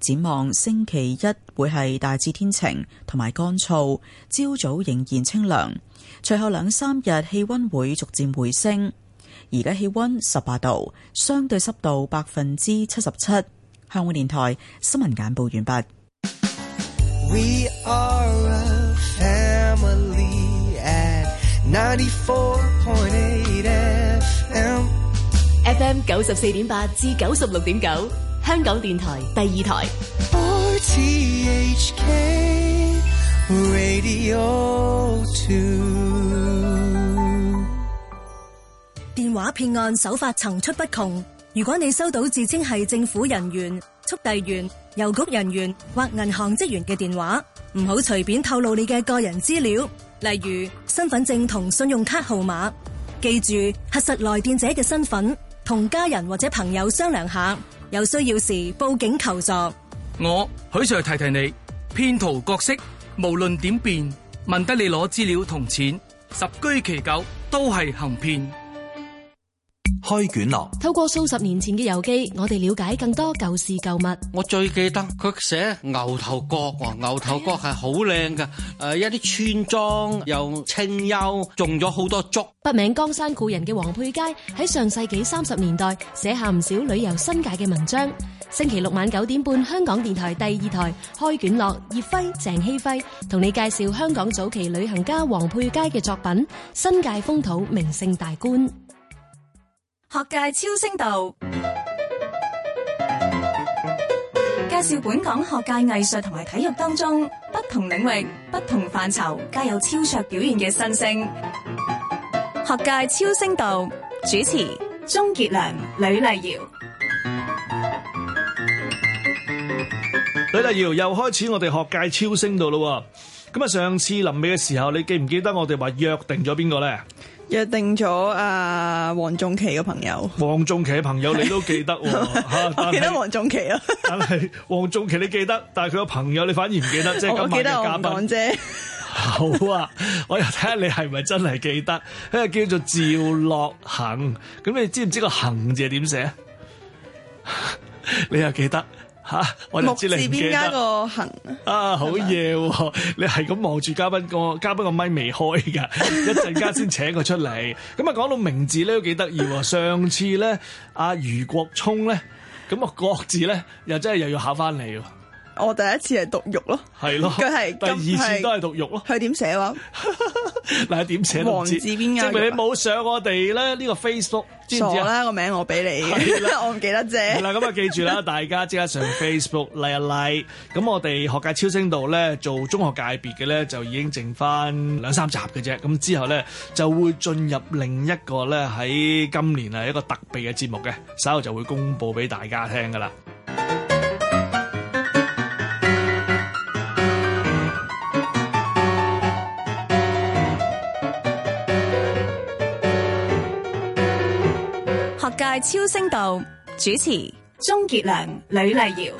展望星期一會係大致天晴同埋乾燥，朝早仍然清涼。隨後兩三日氣溫會逐漸回升。而家氣溫十八度，相對濕度百分之七十七。香港電台新聞簡報完畢。We are a family at 94.8 FM。F M 九十四點八至九十六點九。香港電台第二台。電話騙案手法層出不窮。如果你收到自稱係政府人員、速遞員、郵局人員或銀行職員嘅電話，唔好隨便透露你嘅個人資料，例如身份證同信用卡號碼。記住核實來電者嘅身份，同家人或者朋友商量下。有需要時報警求助。我許 Sir 提提你，騙徒角色無論點變，問得你攞資料同錢，十居其九都係行騙。開卷樂，透過數十年前嘅遊記，我哋了解更多舊事舊物。我最記得佢寫牛頭角啊，牛頭角係好靚噶，誒、哎呀呃，一啲村莊又清幽，種咗好多竹。筆名江山故人嘅黃佩佳喺上世紀三十年代寫下唔少旅遊新界嘅文章。星期六晚九點半，香港電台第二台開卷樂，葉輝、鄭希輝同你介紹香港早期旅行家黃佩佳嘅作品《新界風土名勝大觀》。學界超聲道，介紹本港學界藝術同埋體育當中不同領域、不同範疇皆有超卓表現嘅新星。學界超聲道主持鍾杰良、呂麗瑤。呂麗瑤又開始我哋學界超聲道啦。.咁啊！上次臨尾嘅時候，你記唔記得我哋話約定咗邊個咧？約定咗啊，黃、呃、仲琪嘅朋友。黃仲琪嘅朋友，是你都記得？記得黃仲琪啊。 但係黃仲琪你記得，但係佢個朋友你反而唔記得，即、就、係、是、今晚嘅嘉賓。 好啊，我又睇下你係咪真係記得？佢個叫做趙樂桁。咁你知唔知個桁字係點寫？ 你又記得？吓、啊，我知你唔記得。木字邊加個行」啊，好嘢，你係咁望住嘉賓個嘉賓個咪未開噶，一陣間先請佢出嚟。咁啊，講到名字咧都幾得意喎。上次咧阿余國聰咧，咁個國字咧又真係又要考翻嚟，啊。我第一次係讀玉咯，係咯，佢係第二次都係讀玉咯。佢點寫話？嗱，點寫？王字邊嘅，證明你冇上我哋咧。呢個 Facebook 傻啦個名，我俾你，我唔記得啫。嗱，咁啊，記住啦，大家即刻上 FacebookLike 一 Like。咁我哋學界超聲度咧做中學界別嘅咧，就已經剩翻兩三集嘅啫。咁之後咧就會進入另一個咧，喺今年係一個特別嘅節目嘅，稍後就會公布俾大家聽噶啦。大超聲道主持鍾傑良、呂麗瑤，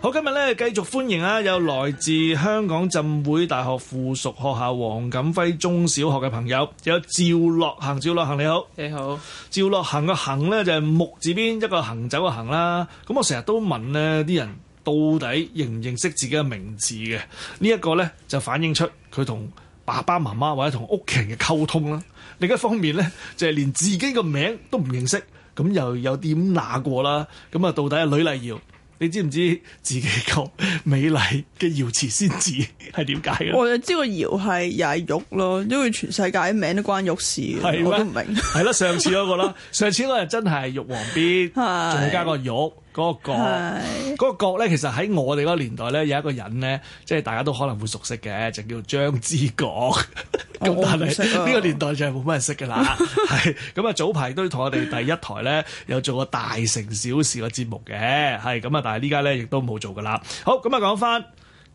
好，今日咧繼續歡迎啊！有來自香港浸會大學附屬學校王錦輝中小學嘅朋友，有趙樂桁。趙樂桁你好，你好，趙樂桁嘅桁咧就係、是、木字邊一個行走嘅行啦。咁我成日都問呢啲人，到底認唔認識自己嘅名字嘅？這個、呢一個咧就反映出佢同爸爸媽媽或者同屋企人嘅溝通啦。另一方面咧就係、是、連自己嘅名都唔認識。咁又有點哪過啦？咁啊，到底係呂麗瑤？你知唔知自己個美麗嘅瑤池仙子係點解嘅？我哋知個瑤係又係玉咯，因為全世界啲名都關玉事，嗎我都唔明。係咯、啊，上次嗰、那個啦，上次嗰個真係玉皇 B，仲加個玉。嗰個角，嗰是個角咧，其實喺我哋嗰個年代咧，有一個人咧，即係大家都可能會熟悉嘅，就叫張之覺。咁、哦、 但識是呢、啊、個年代就係冇乜人識㗎啦。係咁啊，早排都同我哋第一台咧有做過大城小事個節目嘅，係咁、嗯、啊，但係呢家咧亦都冇做㗎啦。好咁啊，講翻，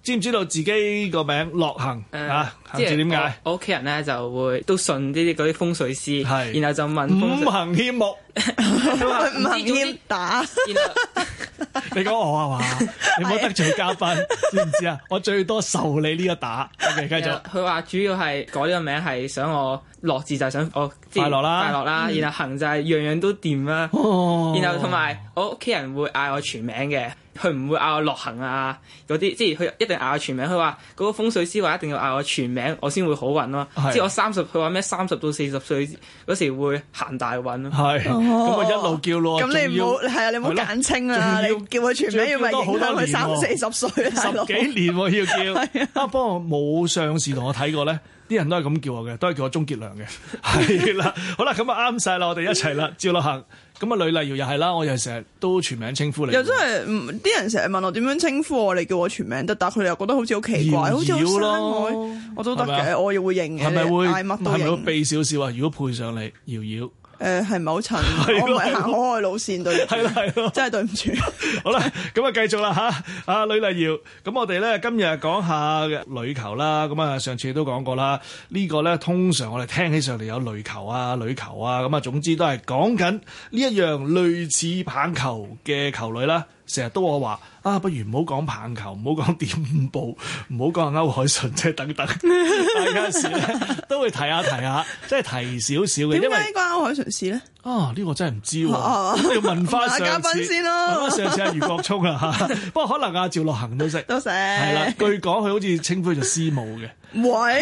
知唔知道自己個名樂桁啊？唔知點解，我屋企人咧就會都信呢啲嗰啲風水師，是然後就問是五行欠木，佢話唔肯中意打，你講我啊嘛？你唔好得罪嘉賓，知唔知啊？我最多受你呢個打。繼續，佢話主要係改呢個名係想我樂字就係想我快樂啦，快樂啦。然後行就係樣樣都掂啦。然後同埋我屋企人會嗌我全名嘅，佢唔會嗌我樂行啊嗰啲，即係佢一定嗌我全名。佢話嗰個風水師話一定要嗌我全名，我先會好運咯。即係我三十，佢話咩三十到四十歲嗰時會行大運咯。係。咁啊一路叫咯，咁你唔好係啊，你唔好簡稱啊，你叫佢全名，要咪叫佢三四十歲十幾年要叫。不過冇上次同我睇過咧，啲人都係咁叫我嘅，都係叫我鍾傑良嘅。係啦，好啦，咁啊啱晒，啦，我哋一齊啦，趙樂桁。咁啊呂麗瑤又係啦，我又成日都全名稱呼你。又真係，啲人成日問我點樣稱呼我，你叫我全名得，但係佢又覺得好似好奇怪，好似我，我都得嘅，我又會認嘅，嗌乜都認。係咪會？係咪要避少少啊？如果配上你，瑤瑤。誒係唔係好襯？我唔係行可愛路線。對，係啦係咯，真係對唔住。 好啦，咁啊繼續啦吓，阿、啊、呂麗瑤，咁我哋咧今日講下嘅壘球啦。咁啊上次都講過啦，這個、呢個咧通常我哋聽起上嚟有壘球啊、壘球啊，咁啊總之都係講緊呢一樣類似棒球嘅球類啦。成日都我話啊，不如唔好講棒球，唔好講點步，唔好講歐海順即係等等，大家笑都會提下提下，即係提少少嘅，為因為。海嘗試咧，啊呢個真係唔知，要問返嘉賓先咯，上次係阿余國聰啊吓，不過可能阿趙樂恒都識。多謝，係啦，據講佢好似稱呼做師母嘅，喂。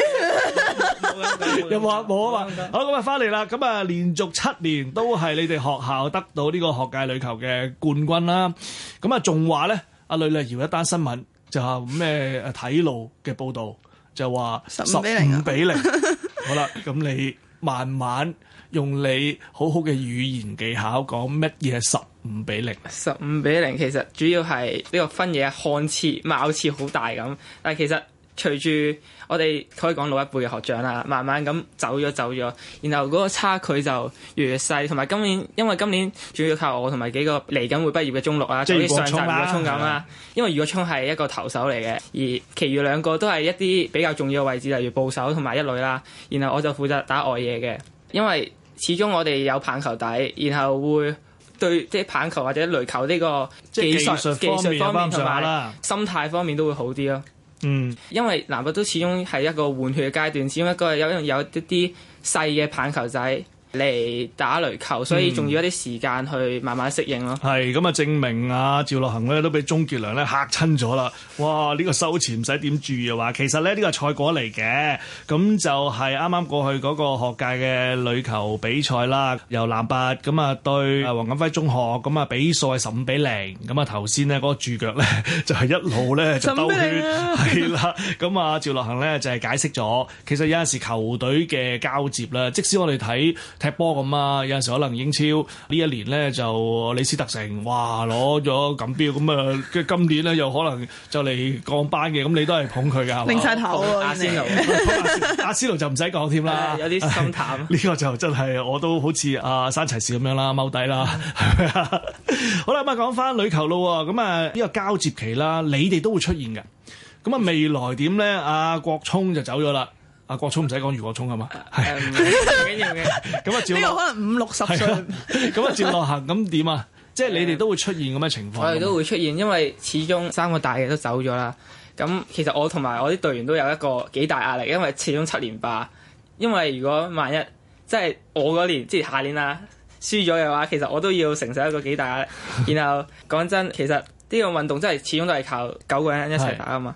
又話冇啊嘛？好，咁啊，翻嚟啦。咁啊，連續七年都係你哋學校得到呢個學界壘球嘅冠軍啦。咁啊，仲話咧，阿女女搖一單新聞就咩體路嘅報道，就話十五比零。好啦，咁你。慢慢用你好好嘅語言技巧講，乜嘢係十五比零？十五比零其實主要係呢個分野看似貌似好大咁，但係其實隨住。我哋可以講老一輩嘅學長啦，慢慢咁走咗走咗，然後嗰個差距就越嚟越細。同埋今年，因為今年主要靠我同埋幾個嚟緊會畢業嘅中六啊，做啲上陣如果衝咁啦。的因為如果衝係一個投手嚟嘅，而其餘兩個都係一啲比較重要嘅位置，例如捕手同埋一壘啦。然後我就負責打外野嘅，因為始終我哋有棒球底，然後會對即係棒球或者壘球呢個技術技術方面同埋心態方面都會好啲咯。嗯，因為南博都始終係一個換血嘅階段，始終一個有有一啲啲細嘅棒球仔。嚟打壘球，所以仲要一啲時間去慢慢適應咯。係咁啊，就證明啊趙樂桁咧都俾鍾傑良咧嚇親咗啦！哇，呢、這個收錢唔使點注意嘅話，其實咧呢個賽果嚟嘅。咁就係啱啱過去嗰個學界嘅壘球比賽啦，由南八咁啊對啊王錦輝中學咁啊、嗯、比賽十五比零。咁啊頭先呢嗰、那個注腳咧 就係一路咧就兜圈係麼、啊、 啦。咁啊趙樂桁咧就係、是、解釋咗，其實有陣時球隊嘅交接啦，即使我哋睇。踢波咁啊，有陣時可能英超呢一年咧就李斯特城哇攞咗錦標咁啊，即係今年咧又可能就嚟降班嘅，咁你都係捧佢噶，擰晒頭，阿仙奴， 阿仙奴就唔使講添啦， 有啲心淡。呢、哎這個就真係我都好似阿、啊、山齊士咁樣啦，踎低啦，係咪啊？好啦，咁啊講翻女球咯，咁啊呢個交接期啦，你哋都會出現嘅。咁啊未來點咧？阿國聰就走咗啦。阿郭聰唔使講，如國聰係嘛？誒唔緊要嘅。咁啊，趙樂桁可能五六十歲。咁啊， 趙樂桁咁點啊？即係你哋都會出現咁嘅情況。Um, 我哋都會出現，因為始終三個大嘅都走咗啦。咁其實我同埋我啲隊員都有一個幾大壓力，因為始終七連霸。因為如果萬一即係、就是、我嗰年，即係下年啊，輸咗嘅話，其實我都要承受一個幾大壓力。然後講 真，其實呢個運動真係始終都係靠九個人一齊打啊嘛。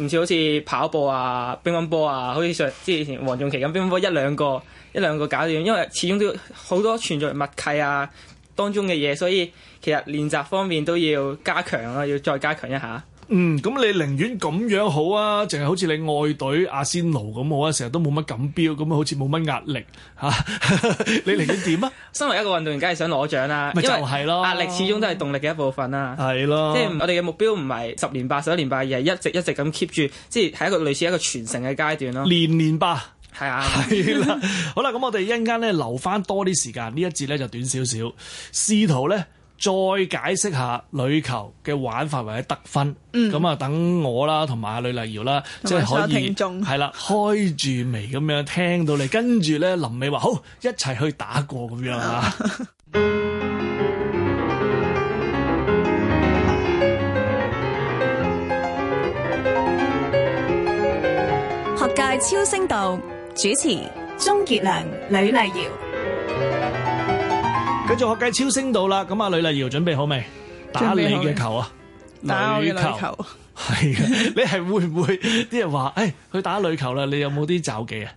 唔似好似跑步啊、乒乓波啊，好似上之前黃仲棋咁乒乓波一兩個一兩個搞掂，因為始終都好多存在默契啊當中嘅嘢，所以其實練習方面都要加強咯、啊，要再加強一下。嗯，咁你寧願咁樣好啊？淨係好似你外隊阿仙奴咁好啊，成日都冇乜錦標，咁啊好似冇乜壓力嚇。 你寧願點啊？身為一個運動員，梗係想攞獎啦。咪就係咯，壓力始終都係動力嘅一部分啦。係咯的，即係我哋嘅目標唔係十年八十一年八，而係一直一直咁 keep 住，即係係一個類似一個傳承嘅階段咯。年年吧，係啊，係啦。好啦，咁我哋一陣間咧留返多啲時間，呢一節咧就短少少，試圖咧。再解釋下壘球嘅玩法或者得分，咁啊、嗯，等我啦，同埋阿呂麗瑤啦，即係可以係啦，開住眉咁樣聽到你，跟住咧臨尾話好，一齊去打過咁樣啊！ 學界超聲道主持：鍾傑良、呂麗瑤。繼續學界超升到啦，咁啊呂麗瑤準備好未？打你嘅球啊！打我嘅球係啊球！ 你係會唔會啲人話誒，去打壘球啦？你有冇啲罩技啊？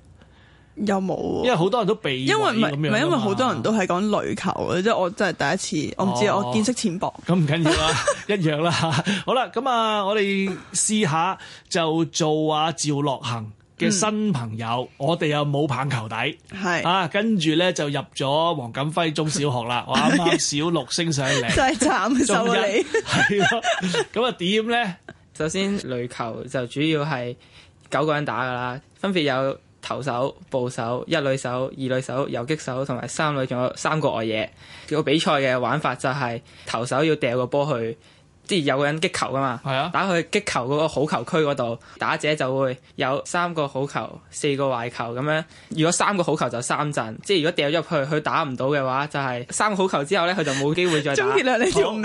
有冇，因為好多人都避，因為唔係樣因為好多人都係講壘球嘅，即係、啊、我真係第一次，我唔知、哦、我見識淺薄。咁唔緊要啦、啊， 一樣啦好啦，咁啊，我哋試下就做啊趙樂桁嘅新朋友，嗯、我哋又冇棒球底，係是啊，跟住呢就入咗王錦輝中小學啦， 我啱啱小六升上嚟， 真係慘受你，係咯間，咁啊點呢？首先壘球就主要係九個人打噶啦，分別有投手、捕手、一壘手、二壘手、游擊手同埋三壘，仲有三個外野。這個比賽嘅玩法就係、是、投手要掉個波去。即係有個人擊球噶嘛，啊、打去擊球嗰個好球區嗰度，打者就會有三個好球、四個壞球咁樣。如果三個好球就三陣，即係如果掉入去佢打唔到嘅話，就係、是、三個好球之後咧佢就冇機會再打。鍾傑良，你條尾？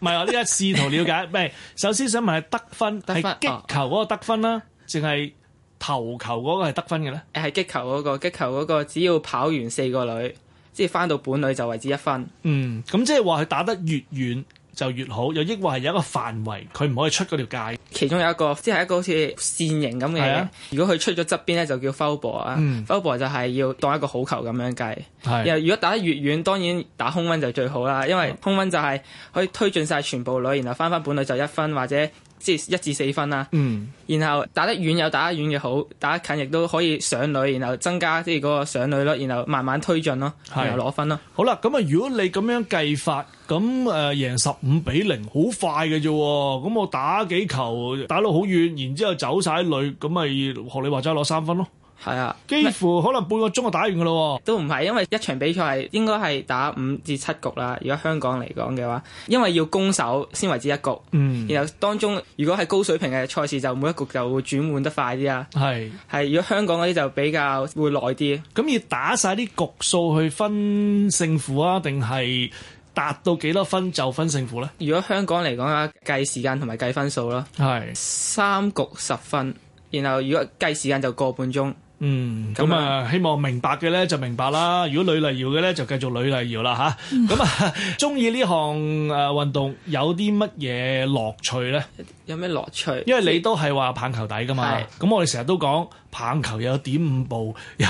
唔係我呢個試圖了解，唔係 首先想問，係得分係擊球嗰個得分啦，啊，淨係投球嗰個係得分嘅咧？係擊球嗰個，擊球嗰個，個只要跑完四個壘，即係翻到本壘就為之一分。嗯，咁即係話佢打得越遠。就越好，又抑或係有一個範圍，佢唔可以出嗰條界。其中有一個，即係一個好似扇形咁嘅嘢。啊、如果佢出咗側邊咧，就叫 foul ball 啊。foul ball 就係要當一個好球咁樣計。是然後如果打得越遠，當然打空温就最好啦，因為空温就係可以推進晒全部壘，然後翻返本壘就一分，或者，即係一至四分啦，嗯、然後打得遠有打得遠嘅好，打得近亦都可以上壘，然後增加即係嗰個上壘率，然後慢慢推進咯，的然後攞分咯。好啦，咁啊，如果你咁樣計法，咁誒贏十五比零，好、呃、快嘅啫、哦，咁我打幾球打到好遠，然之後走曬壘，咁咪學你話齋攞三分咯。係啊，幾乎可能半個鐘就打完噶咯。都唔係，因為一場比賽係應該係打五至七局啦。如果香港嚟講嘅話，因為要攻守先為之一局。嗯，然後當中如果係高水平嘅賽事，就每一局就會轉換得快啲啊。係係是，如果香港嗰啲就比較會耐啲。咁要打曬啲局數去分勝負啊？定係達到幾多分就分勝負呢？如果香港嚟講啊，計時間同埋計分數啦。係是三局十分，然後如果計時間就個半鐘。嗯，咁啊，希望明白嘅咧就明白啦。如果呂麗瑤嘅咧就繼續呂麗瑤啦嚇。咁啊，鍾意呢項誒運動有啲乜嘢樂趣咧？有咩樂趣？因為你都係話棒球底㗎嘛。咁的我哋成日都講。棒球又有點五步，又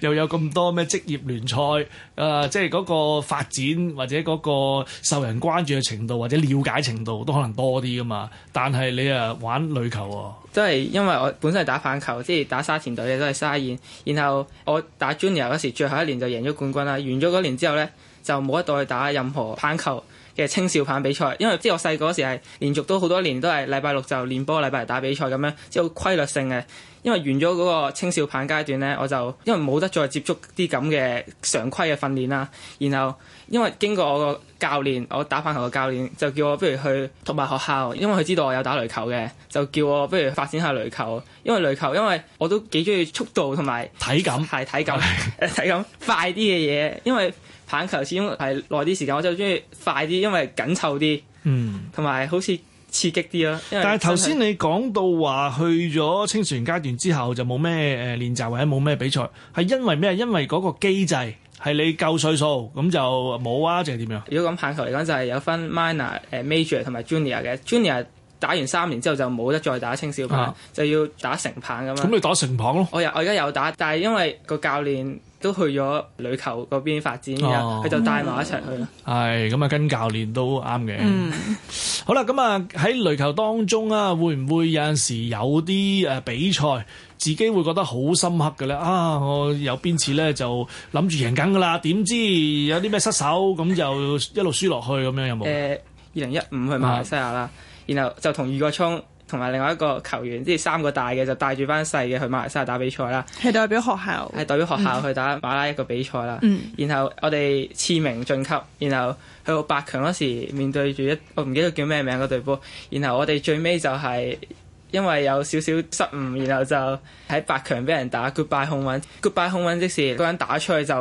又有咁多咩職業聯賽啊，呃，即係嗰個發展或者嗰個受人關注嘅程度或者了解程度都可能多啲噶嘛。但係你啊玩壘球喎，哦，即係因為我本身係打棒球，即係打沙田隊嘅都係沙燕。然後我打 Junior 嗰時，最後一年就贏咗冠軍啦。完咗嗰年之後呢，就冇得再去打任何棒球嘅青少棒比賽，因為即係我細個嗰時係連續都好多年都係禮拜六就練波，禮拜日打比賽咁樣，即係好規律性嘅。因為完咗嗰個青少棒階段呢，我就因為冇得再接觸啲咁嘅常規嘅訓練啦。然後因為經過我個教練，我打棒球嘅教練就叫我不如去同埋學校，因為佢知道我有打壘球嘅，就叫我不如發展下壘球。因為壘球，因為我都幾中意速度同埋體感係體感，體感， 體感快啲嘅嘢。因為棒球始終係耐啲時間，我就中意快啲，因為緊湊啲。嗯，同埋好似。刺激啲咯！但係頭先你講到話去咗青少階段之後就冇咩誒練習或者冇咩比賽，係因為咩？因為嗰個機制係你夠歲數咁就冇啊，定係點樣？如果講棒球嚟講，就係有分 minor 誒 major 同埋 junior 嘅，junior 打完三年之後就冇得再打青少棒，啊、就要打成棒咁樣。咁、啊、你打成棒咯？我我而家有打，但係因為個教練，都去咗壘球嗰邊發展嘅，佢、哦、就帶埋一齊去。係咁啊，跟教練都啱嘅。嗯、 好啦，咁啊喺壘球當中啊，會唔會有陣時有啲誒比賽，自己會覺得好深刻嘅咧？啊，我有邊次咧就諗住贏緊噶啦，點知有啲咩失手，咁 就一路輸落去咁樣有冇？誒、呃，二零一五去馬來西亞啦，的然後就同余國聰，同埋另外一個球員，即係三個大嘅就帶住班細嘅去馬來西亞打比賽啦。係代表學校，係代表學校去打馬拉一個比賽啦。嗯、然後我哋次名晉級，然後去到八強嗰時面對住一，我唔記得叫咩名個隊波，然後我哋最尾就係因為有少少失誤，然後就喺八強俾人打 Goodbye home run，Goodbye home run 即時嗰人打出去，就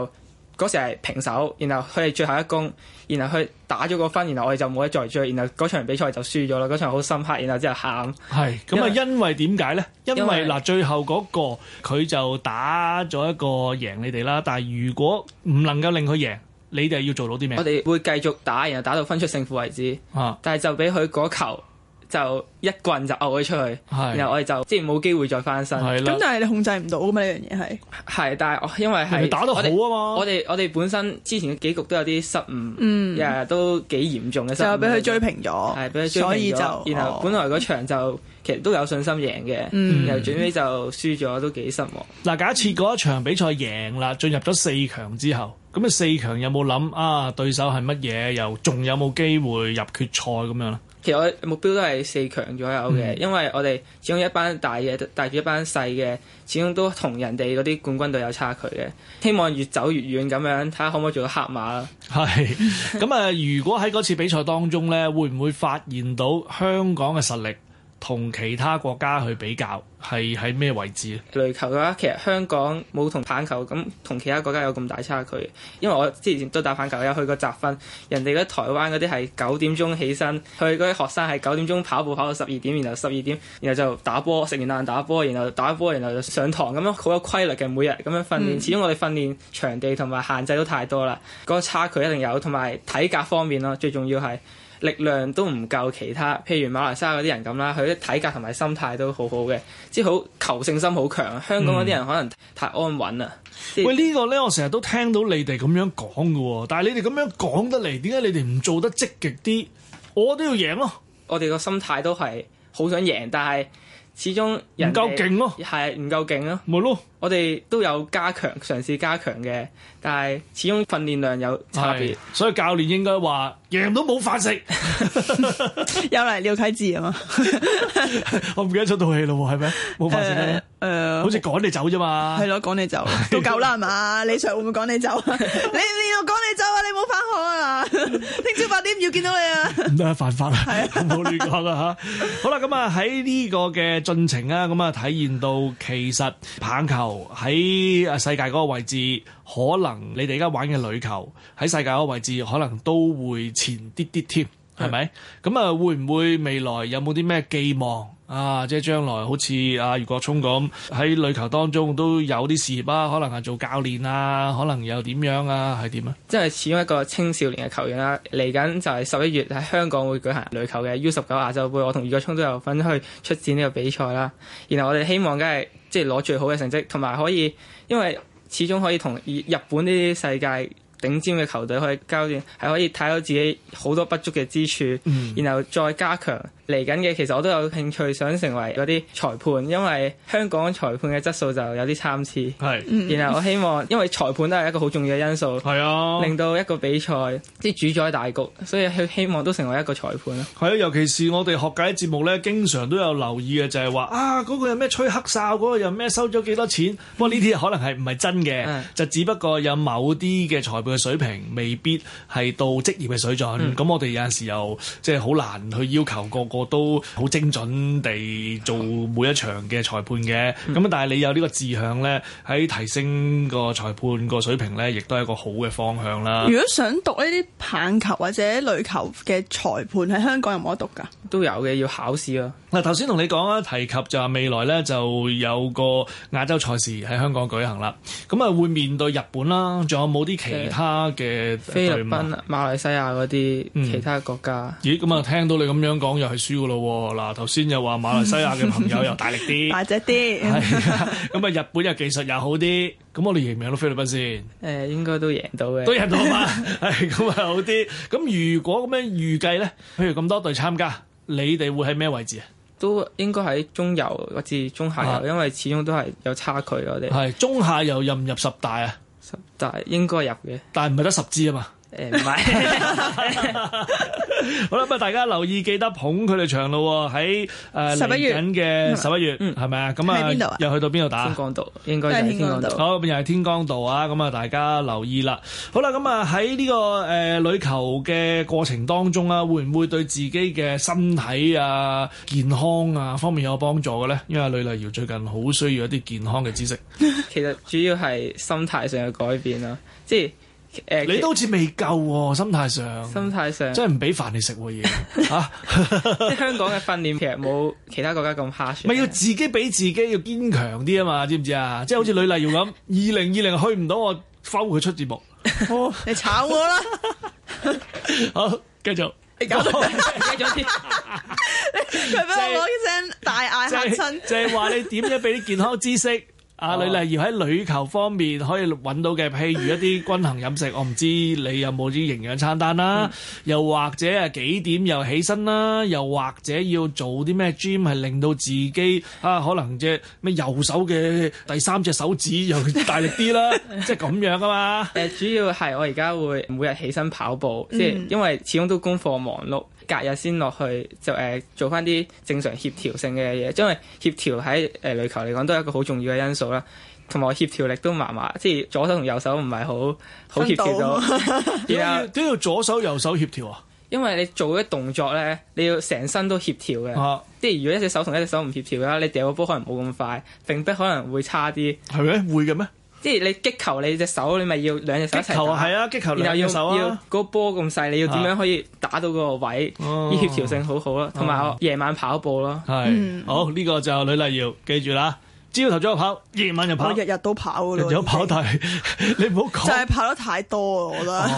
嗰時係平手，然後佢哋最後一攻。然後佢打咗個分，然後我哋就冇得再追，然後嗰場比賽就輸咗啦。嗰場好深刻，然後之後喊。係。咁啊，因為點解咧？因為嗱，最後嗰個佢就打咗一個贏你哋啦。但係如果唔能夠令佢贏，你哋要做到啲咩？我哋會繼續打，然後打到分出勝負為止。但係就俾佢嗰球。就一棍就咬佢出去，然後我哋就即係冇機會再翻身。咁但係你控制唔到噶嘛，呢樣嘢係。係，但係因為係打得好啊嘛。我哋我哋本身之前嘅幾局都有啲失誤，日日都幾嚴重嘅失誤。就俾佢追平咗，係俾佢追平咗。所以就，然後本來嗰場就其實都有信心贏嘅，然後最尾就輸咗，都幾失望。嗱，假設嗰一場比賽贏啦，進入咗四強之後，咁啊四強有冇諗啊對手係乜嘢？又仲有冇機會入決賽咁樣咧？其實我目標都係四強左右嘅。嗯、因為我哋始終一班大嘅帶住一班細嘅，始終都同人哋啲冠軍隊有差距嘅。希望越走越遠咁樣，睇下可唔可以做到黑馬啦。係咁啊！如果喺次比賽當中咧，會唔會發現到香港嘅實力？同其他國家去比較，係喺咩位置咧？壘球嘅話，其實香港冇同棒球咁同其他國家有咁大差距。因為我之前都打棒球，有去過集訓。人哋嗰啲台灣嗰啲係九點鐘起身，佢嗰啲學生係九點鐘跑步跑到十二點，然後十二點，然後就打波，食完晏打波，然後打波，然後就上堂咁樣，好有規律嘅每日咁樣訓練。嗯、始終我哋訓練場地同埋限制都太多啦，嗰個差距一定有，同埋體格方面咯，最重要係。力量都唔夠其他，譬如馬來西亞嗰啲人咁啦，佢啲體格同埋心態都好好嘅，即係好求勝心好強。香港嗰啲人可能太安穩啦。嗯、以喂，呢、呢個呢，我成日都聽到你哋咁樣講㗎喎，但係你哋咁樣講得嚟，點解你哋唔做得積極啲？我都要贏咯。我哋個心態都係好想贏，但係始終唔夠勁咯，係唔夠勁咯，冇咯。我哋都有加強，嘗試加強嘅，但係始終訓練量有差別，所以教練應該話贏都冇飯食，有嚟廖啟智啊嘛！我唔記得出套戲咯喎，係咪？冇飯食誒，好似趕你走啫嘛，係咯，趕你走都夠啦，係嘛？你財會唔會趕你走 你你要趕你走啊？你冇返學啊？聽朝八點要見到你啊！唔得，犯 法樂 啊！好亂講啦嚇！好啦，咁啊喺呢個嘅進程啊，咁啊體現到其實棒球。喺世界嗰個位置，可能你哋而家玩嘅壘球喺世界嗰個位置，可能都會前啲啲添，係咪？咁啊、嗯，會唔會未來有冇啲咩寄望？啊！即係將來好似啊，余國聰咁喺壘球當中都有啲事業啦、啊，可能係做教練啊，可能又點樣啊，係點啊？即係始終一個青少年嘅球員啦、啊，嚟緊就係十一月喺香港會舉行壘球嘅 U 十九亞洲杯，我同余國聰都有份去出戰呢個比賽啦、啊。然後我哋希望梗係即係攞最好嘅成績，同埋可以因為始終可以同日本呢啲世界頂尖嘅球隊去交戰，係可以睇到自己好多不足嘅之處，然後再加強、嗯。嚟緊嘅其實我都有興趣想成為嗰啲裁判，因為香港裁判嘅質素就有啲參差。係，然後我希望，因為裁判都係一個好重要嘅因素。係啊，令到一個比賽即係主宰大局，所以佢希望都成為一個裁判啦。係啊，尤其是我哋學界嘅節目咧，經常都有留意嘅就係話啊，嗰個有咩吹黑哨，嗰個又咩收咗幾多錢。不過呢啲可能係唔係真嘅，嗯、就只不過有某啲嘅裁判嘅水平未必係到職業嘅水準。咁、嗯、我哋有陣時又即係好難去要求個個。我都好精準地做每一場嘅裁判嘅。咁、嗯、但係你有呢個志向咧，喺提升個裁判個水平咧，亦都係一個好嘅方向啦。如果想讀呢啲棒球或者壘球嘅裁判，喺香港有冇得讀噶？都有嘅，要考試咯。嗱，頭先同你講啦，提及就係未來咧，就有個亞洲賽事喺香港舉行啦。咁啊，會面對日本啦，仲有冇啲其他嘅菲律賓、馬來西亞嗰啲、嗯、其他國家？咦，咁啊，聽到你咁樣講，又係輸噶咯喎！嗱，頭先又話馬來西亞嘅朋友又大力啲，大隻啲，咁啊，日本又技術又好啲。咁我哋贏唔贏到菲律賓先？誒、呃、應該都贏到嘅，都贏到嘛？係咁啊，好啲。咁 如果咁樣預計咧，譬如咁多隊參加，你哋會喺咩位置啊？都應該喺中游或者中下游，啊、因為始終都係有差距。啊、我哋係中下游入唔入十大啊？十大應該入嘅，但係唔係得十支啊嘛。誒，唔係、欸， 好啦，咁啊，大家留意，記得捧佢哋場咯，喺誒，十一月緊嘅十一月，係咪啊？咁啊，又去到邊度打？天光道，應該係天光道。好，又係天光道啊！咁、呃、啊，大家留意啦。好啦，咁啊，喺呢個誒壘球嘅過程當中啦、啊，會唔會對自己嘅身體啊、健康啊方面有幫助嘅咧？因為呂麗瑤最近好需要一啲健康嘅知識。 其實主要係心態上有改變啦，即係。誒，你都好似未夠喎，心態上，心態上，真係唔俾飯你食喎，而吓，即係香港嘅訓練其實冇其他國家咁下算。咪要自己俾自己要堅強啲啊嘛，知唔知啊？即係好似呂麗瑤咁，二零二零去唔到我，收佢出節目，你炒我啦。好，繼續，繼續啲，你俾我講一聲大嗌喊親，即係話你點樣俾啲健康知識。阿呂麗瑤喺壘球方面可以揾到嘅，譬如一啲均衡飲食， 我唔知你有冇啲營養餐單啦、啊，嗯、又或者啊幾點又起身啦、啊，又或者要做啲咩 gym 係令到自己啊可能只咩右手嘅第三隻手指又大力啲啦、啊，即係咁樣啊嘛。誒、呃，主要係我而家會每日起身跑步，即係、嗯、因為始終都功課忙碌。隔日先落去就誒、呃、做翻啲正常協調性嘅嘢，因為協調喺誒壘球嚟講都係一個好重要嘅因素啦。同埋我協調力都麻麻，即係左手同右手唔係好好協調到。都 後要，要，要左手右手協調啊！因為你做一動作咧，你要成身都協調嘅。啊、即係如果一隻手同一隻手唔協調嘅話，你掟個波可能冇咁快，並不可能會差啲。係咪？會嘅咩？即係你擊球你，你隻手你咪要兩隻手一齊打，擊球擊球啊、然後要手啊，要嗰波咁細，你要點樣可以打到嗰個位？依協調性好好啦，同埋夜晚跑步咯。係的，嗯、好呢、這個就呂麗瑤，記住啦。朝頭早又跑，夜晚又跑，日日都跑嘅咯。跑，但係你唔好講就係跑得太多，我覺得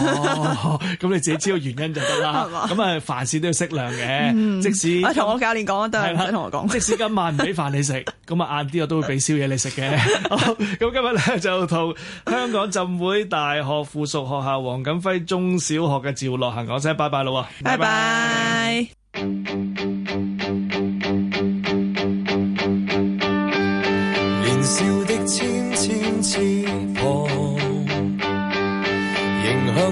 咁你自己知道原因就得啦。咁啊，凡事都要適量嘅，即使同我教練講啊，得同我講。即使今晚唔俾飯你食，咁啊晏啲我都會俾宵夜你食嘅。咁今日咧就同香港浸會大學附屬學校王錦輝中小學嘅趙樂桁講聲拜拜咯。拜拜。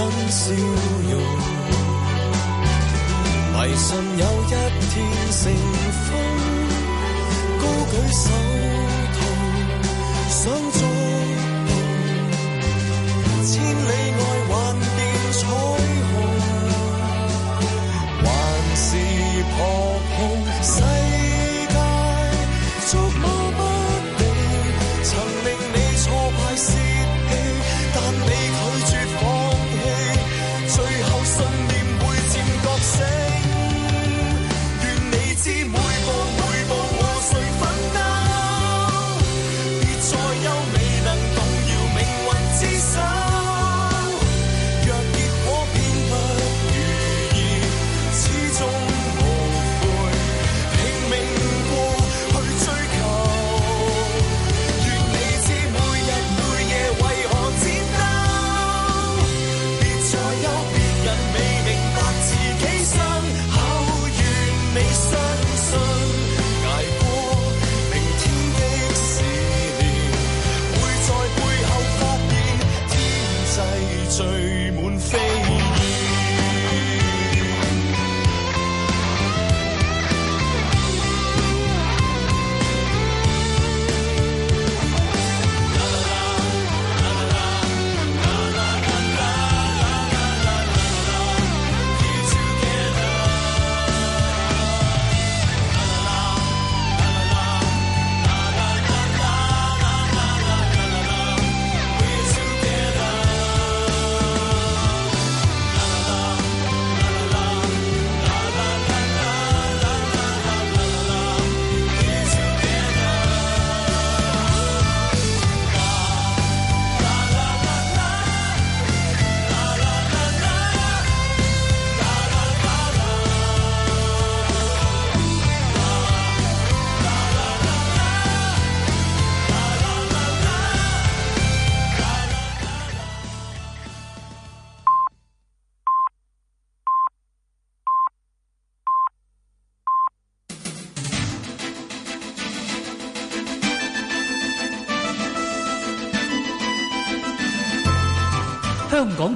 新笑容，迷信有一天成風，高舉手同想觸碰，千里外。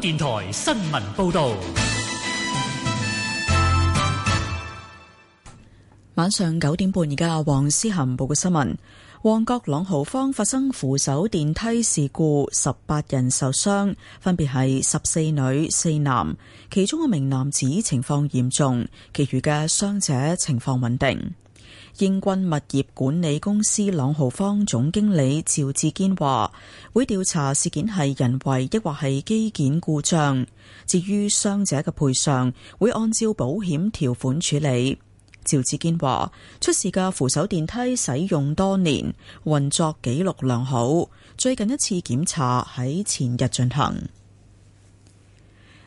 電台新聞報道，晚上九點半，而家黃思涵報嘅新聞：旺角朗豪坊發生扶手電梯事故，十八人受傷，分別係十四女四男，其中一名男子情況嚴重，其餘嘅傷者情況穩定。鷹君物業管理公司朗豪坊總經理趙志堅話：會調查事件係人為，抑或係機件故障。至於傷者嘅賠償，會按照保險條款處理。趙志堅話：出事嘅扶手電梯使用多年，運作記錄良好，最近一次檢查喺前日進行。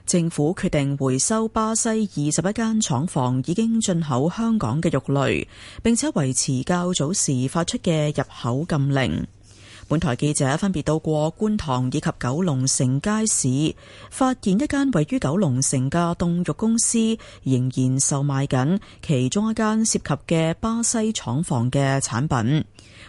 政府決定回收巴西二十一間廠房已經進口香港嘅肉類，並且維持較早時發出嘅入口禁令。本台記者分別到過觀塘以及九龍城街市，發現一間位於九龍城嘅凍肉公司仍然售賣緊其中一間涉及嘅巴西廠房嘅產品。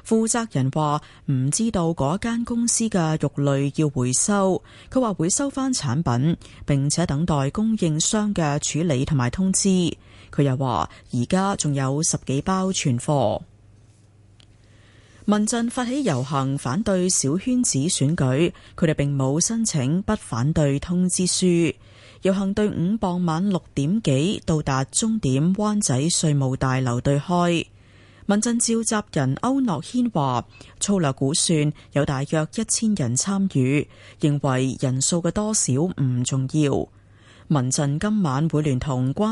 負責人話唔知道嗰間公司嘅肉類要回收，佢話會收返產品並且等待供應商嘅處理同埋通知。佢又話而家仲有十幾包存貨。民陣發起遊行反對小圈子選舉，佢哋並冇申請不反對通知書。遊行隊伍傍晚六點幾到達終點灣仔稅務大樓對開。民陣召集人區諾軒話：粗略估算有大約一千人參與，認為人數嘅多少唔重要。民陣今晚會聯同關。